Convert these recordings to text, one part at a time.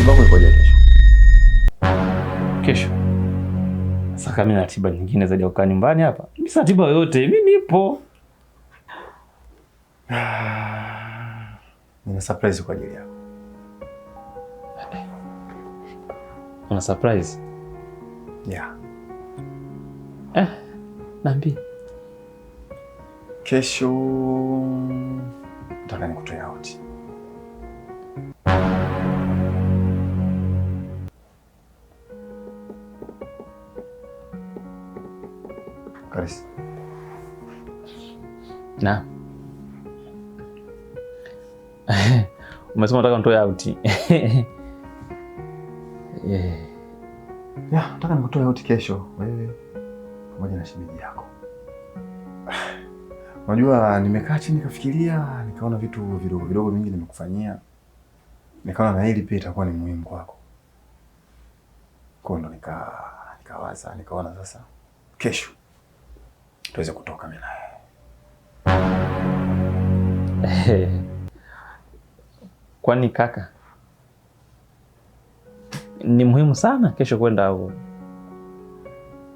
Matibabu ikoje kesho? Kesho saka mimi na tiba nyingine zaidi ya kukaa nyumbani hapa. Mimi sina tiba yoyote, mimi nipo. Nina surprise kwa ajili yako. Una surprise? Yeah. Eh, naambi. Kesho nitaka nikutoe out. Karisi. Na umesema nataka nitoe auti. Eh. Ya, nataka nikutoe auti kesho wewe pamoja na shemeji yako. Unajua, nimekaa chini nikafikiria, nikaona vitu vidogo vidogo vingi nimekufanyia, nikaona na hili pia itakuwa ni muhimu kwako. Kwa ndo nika nikawaza nikaona sasa kesho tuweze kutoka Minaya. Kwani kaka, ni muhimu sana kesho kwenda au?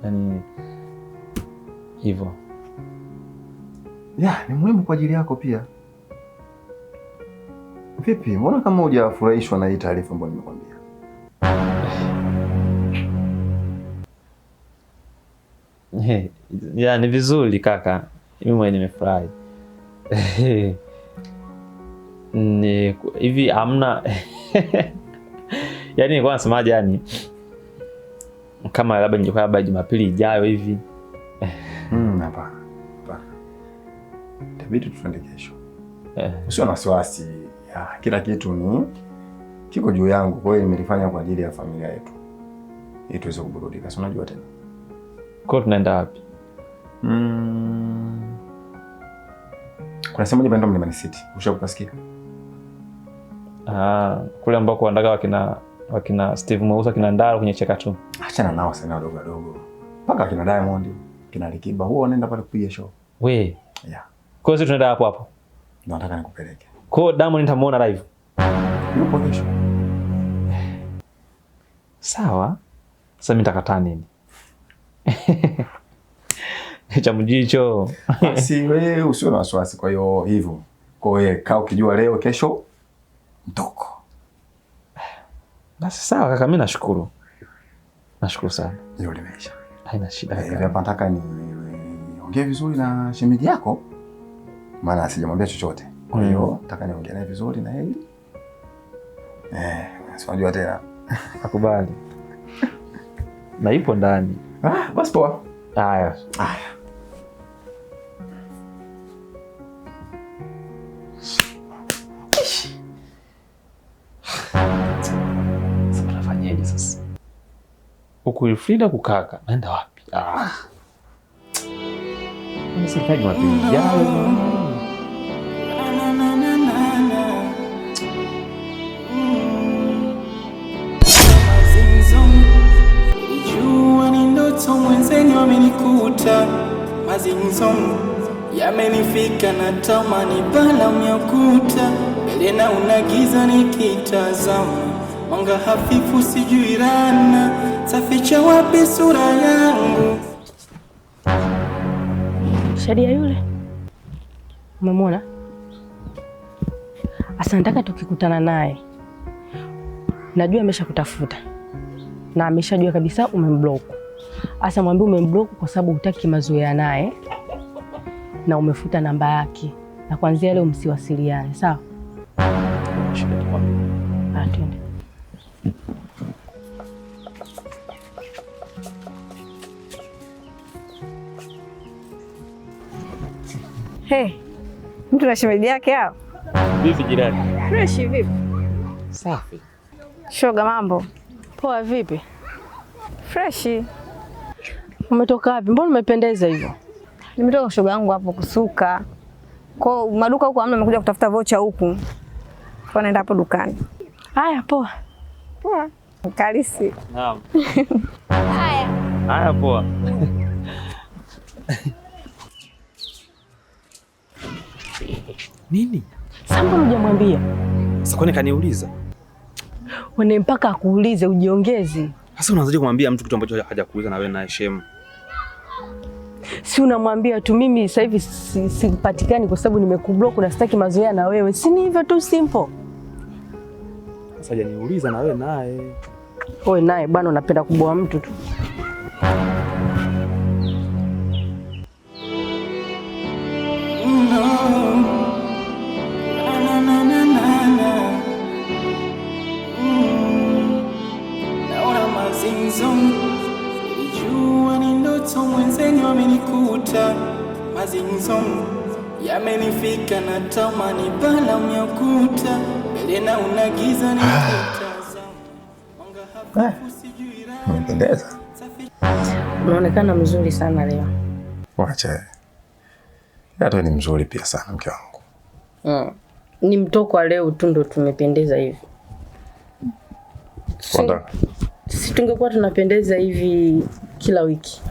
yani hivyo ya ni muhimu kwa ajili yako pia. Vipi, mbona kama hujafurahishwa na hii taarifa ambayo nimekwambia? ya ni vizuri kaka, mimi mwenyewe nimefurahi. Ni hivi amna yani nilikuwa nasemaje, yani kama labda ningekuwa labda Jumapili ijayo hivi mm, hapana tuende kesho. Eh. Usio na wasiwasi, kila kitu ni kiko juu yangu, kwa hiyo nimelifanya kwa ajili ya familia yetu ili tuweze kuburudika, si unajua tena kwa tunaenda wapi? Mm. Kuna sehemu moja inaitwa Mlimani City. Ushakupasikia? Ah, kule ambako wandaga wakina wakina Steve Mweusi wakina Ndaro kwenye cheka tu. Achana nao sana wadogo wadogo. Paka wakina Diamond, kina Likiba, Huwa wanaenda pale kupiga show. We. Yeah. Kwa hiyo tunaenda hapo hapo. Nataka nikupeleke. Kwa hiyo Diamond nitamuona live. Yupo kesho. Sawa. Sasa mimi nitakataa nini? cha mjicho basi wewe usio na wasiwasi. Kwa hiyo hivyo, kwa hiyo kaa ukijua leo kesho mtoko. Basi sawa kaka, mimi nashukuru, nashukuru sana. Hilo limeisha, haina shida Hey, eh, Hapa nataka niongee vizuri na shemeji yako, maana sijamwambia chochote. Kwa hiyo mm. nataka niongee naye vizuri na yeye eh, sijajua tena akubali na ipo ndani Ah, basi poa. Ah, ja. ah. sasa? Huku kukaka, naenda wapi? Ah. Msikaji mapigano. yamenikuta, mazinzo yamenifika, na tamani bala ya kuta mbele, na unagiza nikitazama, mwanga hafifu sijui rana saficha wapi sura yangu. Shadia yule umemwona? Asanataka tukikutana naye, najua ameshakutafuta na ameshajua kabisa umemblock Asa mwambie umemblock kwa sababu hutaki mazoea naye na umefuta namba yake, na kuanzia leo msiwasiliane, sawa? Ah, hey, mtu na shemeji yake hao. Vipi jirani? Fresh vipi? Safi. Shoga mambo. Poa vipi? Freshi. Umetoka wapi? Mbona umependeza hivyo? Nimetoka shoga yangu hapo kusuka. Kwa maduka huko amna, nimekuja kutafuta vocha huku. Kwa naenda hapo dukani. Haya, poa. Poa. Kalisi. Naam. Haya. Haya, poa. Nini? Sasa hujamwambia? Sasa kwani kaniuliza? Wewe mpaka akuulize ujiongeze. Sasa unaanzaje kumwambia mtu kitu ambacho hajakuuliza na wewe na heshima? si unamwambia tu mimi sasa hivi sipatikani kwa sababu nimekublock na sitaki mazoea na wewe. Si ni hivyo tu simple. Sasa niuliza na wewe naye. Wewe naye bwana unapenda kuboa mtu tu. No. Blessings zangu yamenifika na tamani bala myakuta mbele na unagiza ni nikutazama. Ah. Unaonekana mzuri sana leo. Wacha. Hata ni mzuri pia sana mke wangu. Mm. Ni mtoko wa leo tu ndo tumependeza hivi. Si tungekuwa tunapendeza hivi kila wiki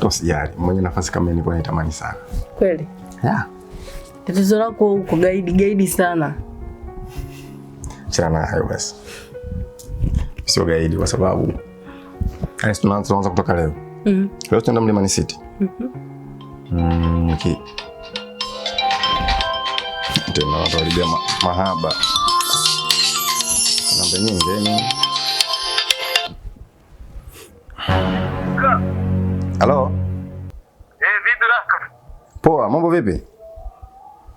tosijali, mwenye nafasi kama nilikuwa nitamani sana kweli. Yeah. Tatizo lako huko gaidi gaidi sana. Chana na hayo basi, sio gaidi kwa sababu yaani tunaanza kutoka leo. Mm -hmm. Leo tunaenda Mlimani City. Mm -hmm. Mm, okay. Tena tunakaribia mahaba. Namba nyingine. Poa, mambo vipi?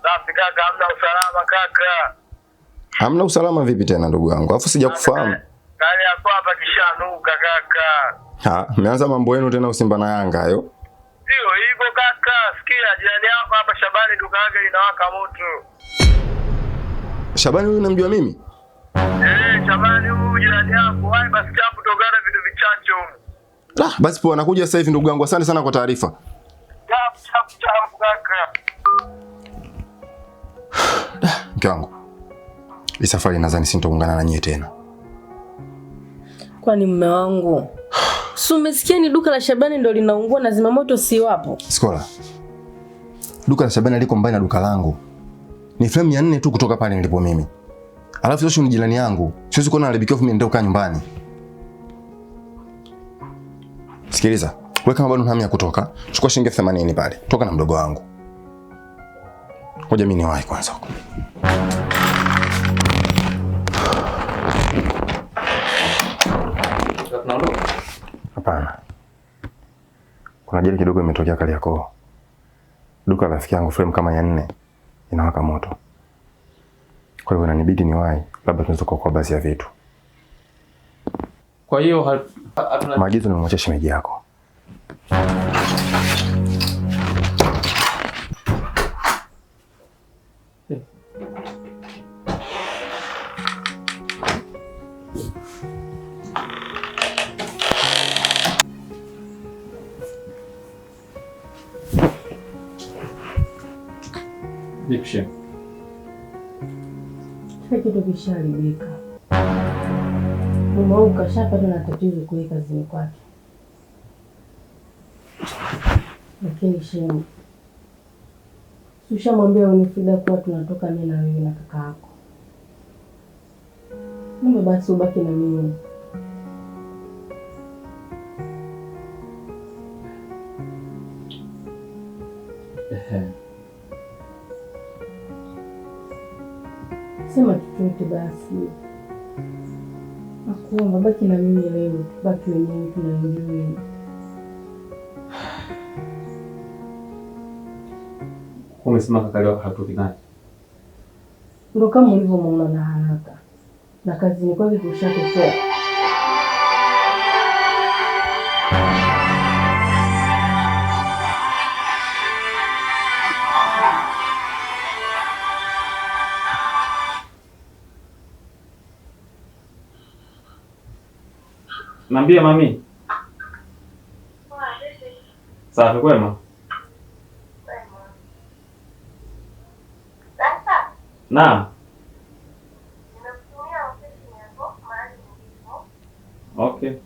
Safi kaka, hamna usalama kaka. Hamna usalama vipi tena ndugu yangu? Alafu sijakufahamu. Kale hapo hapa kishanuka kaka. Ha, mmeanza mambo yenu tena Simba na Yanga hayo. Ndio hivyo kaka, sikia jirani yako hapa Shabani duka lake linawaka moto. Shabani huyu namjua mimi? Eh, Shabani huyu jirani yako, wapi basi chapu tokana vitu vichacho. Ah, basi poa, nakuja sasa hivi ndugu yangu. Asante sana kwa taarifa. Mke wangu, hii safari nadhani sintoungana na nyie tena. Kwani mme wangu, si umesikia ni duka la Shabani ndo linaungua na zimamoto si wapo? Sikola, duka la Shabani liko mbali na duka langu, ni frame mia nne tu kutoka pale nilipo mimi. Alafu Joshu ni jirani yangu, siwezi kuona naribikiwa, mimi ndio kaa nyumbani. Sikiliza wewe kama bado unahamia kutoka, chukua shilingi 80 pale. Toka na mdogo wangu. Ngoja mimi niwahi kwanza huko. Hapana. Kuna jeri kidogo imetokea kali yako. Duka la rafiki yangu frame kama ya nne inawaka moto. Kwa hiyo inanibidi niwahi, labda tunaweza kuokoa baadhi ya vitu. Kwa hiyo hatuna maagizo nimemwachia shemeji yako. Vipi shehe? Kila kitu kishaharibika. Mume wangu kashapata na tatizo kuweka zile kwake. lakini Shemu, ushamwambia Winifrida kuwa tunatoka mimi na wewe na kaka yako, kumbe basi ubaki na mimi. Sema chochote basi, nakuomba baki na mimi leo, tubaki wenyewe, tunaenjoy umesema kakali wako hatupigani? Ndio kama ulivyomuona na haraka na kazini kwake kushatokea. Nambia mami. Safi kwema? Naam. Okay.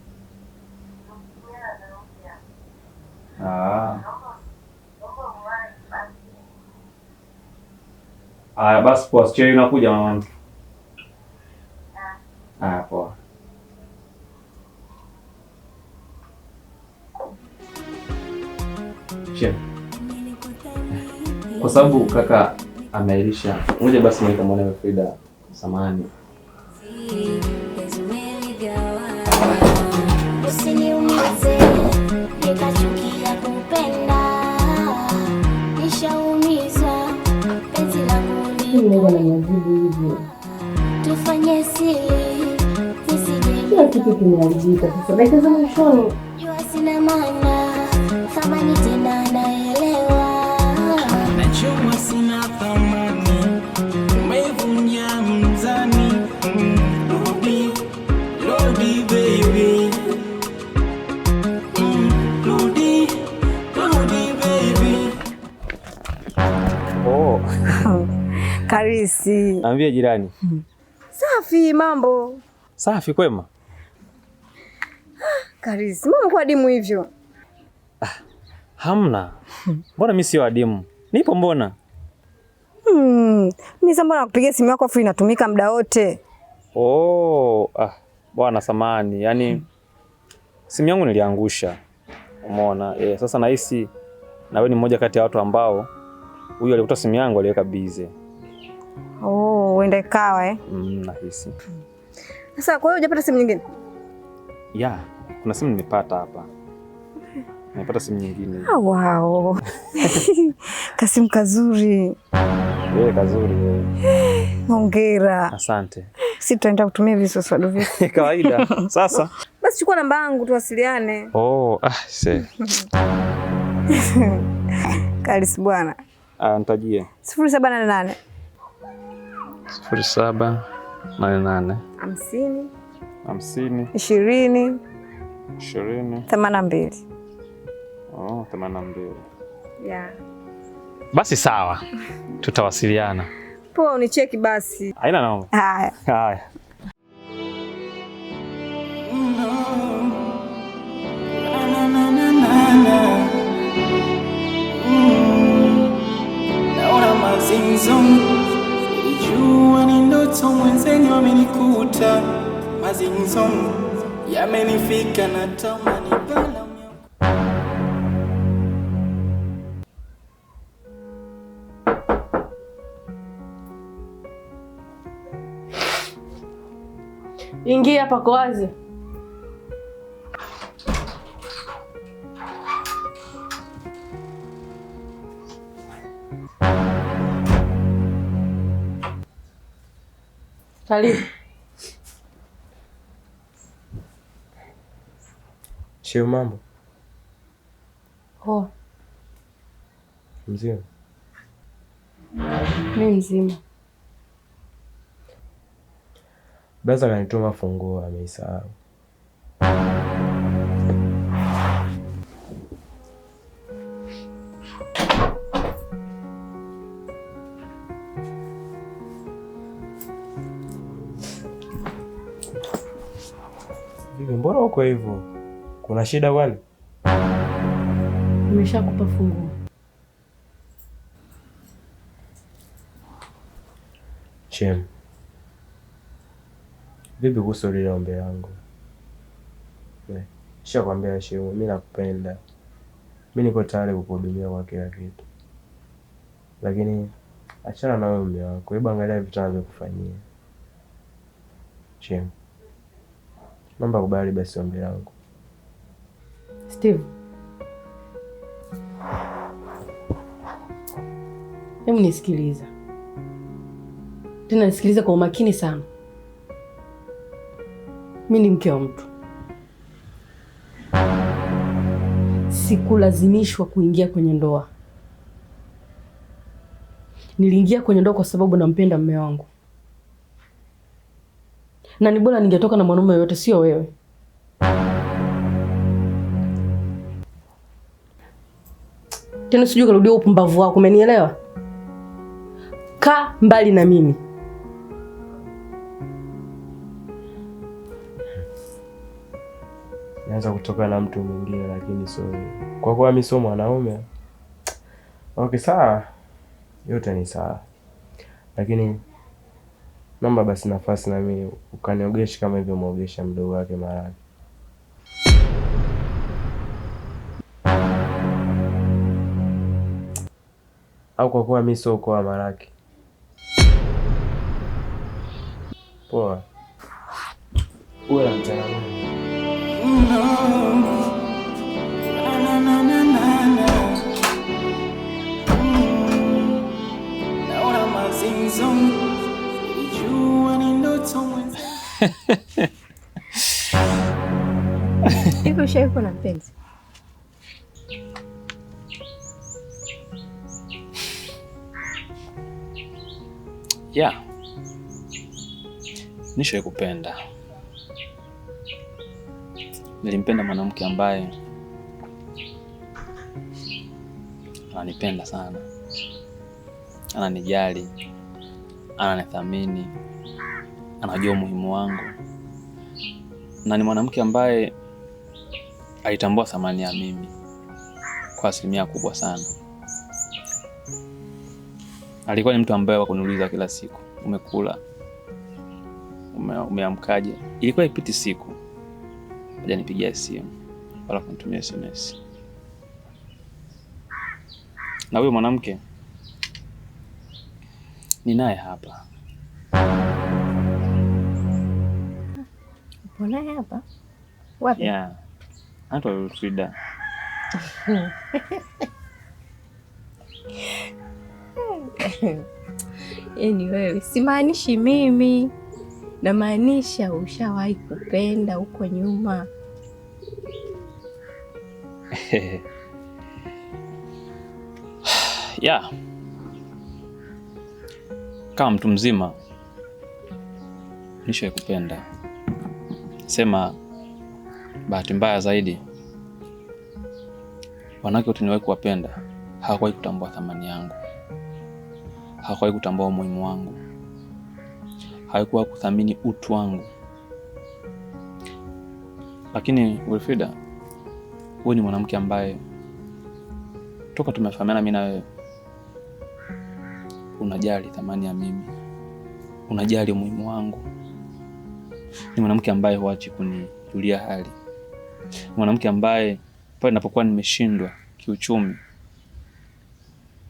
Ah. Aya, basi poa, sichelewi unakuja mama. Ah. Aya, poa. Kwa sababu kaka ameisha. Ngoja basi nikamwone Frida samani kila kitu kimeharibika sasa, dakika za mwishoni Harisi. Ambie jirani. Hmm. Safi, mambo safi. Kwema ah, Karisi, mbona mko adimu hivyo? Ah, hamna. Mbona mimi sio adimu, nipo mbona. Hmm. Mimi mbona nakupigia simu yako afu inatumika muda wote? Oh, ah, bwana samani, yaani hmm. simu yangu niliangusha, umeona eh. Sasa nahisi nawe ni mmoja kati ya watu ambao huyu alikuta simu yangu aliweka bize Oh, uende kawa eh? Mm, nahisi. Sasa kwa hiyo hujapata simu nyingine? Yeah, kuna simu nimepata hapa. Nimepata simu nyingine. Ah, wow. Kasimu kazuri. yeah, kazuri eh. Hongera. Yeah. Asante. Si tutaenda kutumia visu swadu Kawaida. Sasa. Basi chukua namba yangu tuwasiliane. Oh, ah, se. Kalisi bwana. Ah, nitajie sifuri saba nane nane hamsini hamsini ishirini ishirini themanini na mbili themanini na mbili yeah. Basi sawa, tutawasiliana. Poa, unicheki basi. Haina noma. Haya. Haya. mafuta, mazinzomu yamenifika na tamani bala Ingia, pako wazi. Karibu. Sio mambo poa. Mzima mi mzima. Baza kanituma funguo, ameisahau. Mbona uko hivyo? Kuna shida kwani? Nimeshakupa funguo. Chem, vipi kuhusu lile ombi yangu? Eh, Shakwambia Shemu, mi nakupenda, mi niko tayari kukuhudumia kwa kila kitu, lakini achana na wewe wako, hebu angalia vitu anavyokufanyia. chem naomba kubali basi ombi langu. Steve, hebu nisikiliza tena, nisikiliza kwa umakini sana. Mi ni mke wa mtu, sikulazimishwa kuingia kwenye ndoa. Niliingia kwenye ndoa kwa sababu nampenda mme wangu, na ni bora ningetoka na mwanaume yoyote, sio wewe. tena sijui karudia upumbavu wako, umenielewa? Kaa mbali na mimi. Naanza kutoka na mtu mwingine, lakini so kwa kuwa mimi sio mwanaume. Okay, sawa, yote ni sawa, lakini naomba basi nafasi na mimi ukaniogeshe kama hivyo mwogesha mdogo wake Maraki. au kwa kuwa mimi sio uko wa Maraki? Poa, uwe na na mpenzi? ya yeah. Nishawahi kupenda, nilimpenda mwanamke ambaye ananipenda sana, ananijali, ananithamini, anajua umuhimu wangu, na ni mwanamke ambaye alitambua thamani ya mimi kwa asilimia kubwa sana alikuwa ni mtu ambaye wakuniuliza kila siku, umekula, ume, Ilikuwa ipiti siku ajanipigia simu wala kunitumia SMS. Na huyo mwanamke ni naye hapa, upo naye hapa wapi? Yeah, anaitwa Frida Yaani wewe, simaanishi mimi, namaanisha ushawahi kupenda huko nyuma. Yeah, kama mtu mzima nishawahi kupenda, sema bahati mbaya zaidi wanawake wote niwahi kuwapenda hawakuwahi kutambua thamani yangu hakuwahi kutambua umuhimu wangu, hakuwa kuthamini utu wangu. Lakini Wilfrida, huyu ni mwanamke ambaye toka tumefahamiana mimi na wewe, unajali thamani ya mimi, unajali umuhimu wangu. Ni mwanamke ambaye huachi kunijulia hali, ni mwanamke ambaye pale ninapokuwa nimeshindwa kiuchumi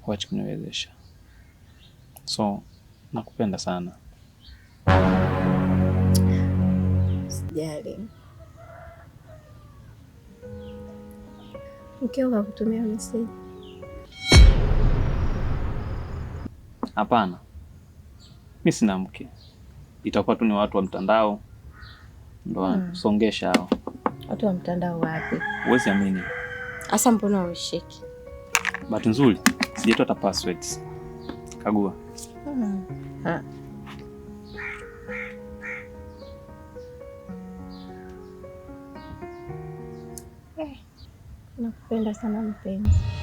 huachi kuniwezesha. So nakupenda sana. Sijali. Mkeo kakutumia meseji? Hapana, mi sina mke, itakuwa tu ni watu wa mtandao ndo wanasongesha hmm. hao. Watu wa mtandao wapi? uwezi amini. Hasa mbona ushiki? Bahati nzuri sijatoa hata passwords. Kagua. mana? Ha. Eh. Nak pindah sana pergi.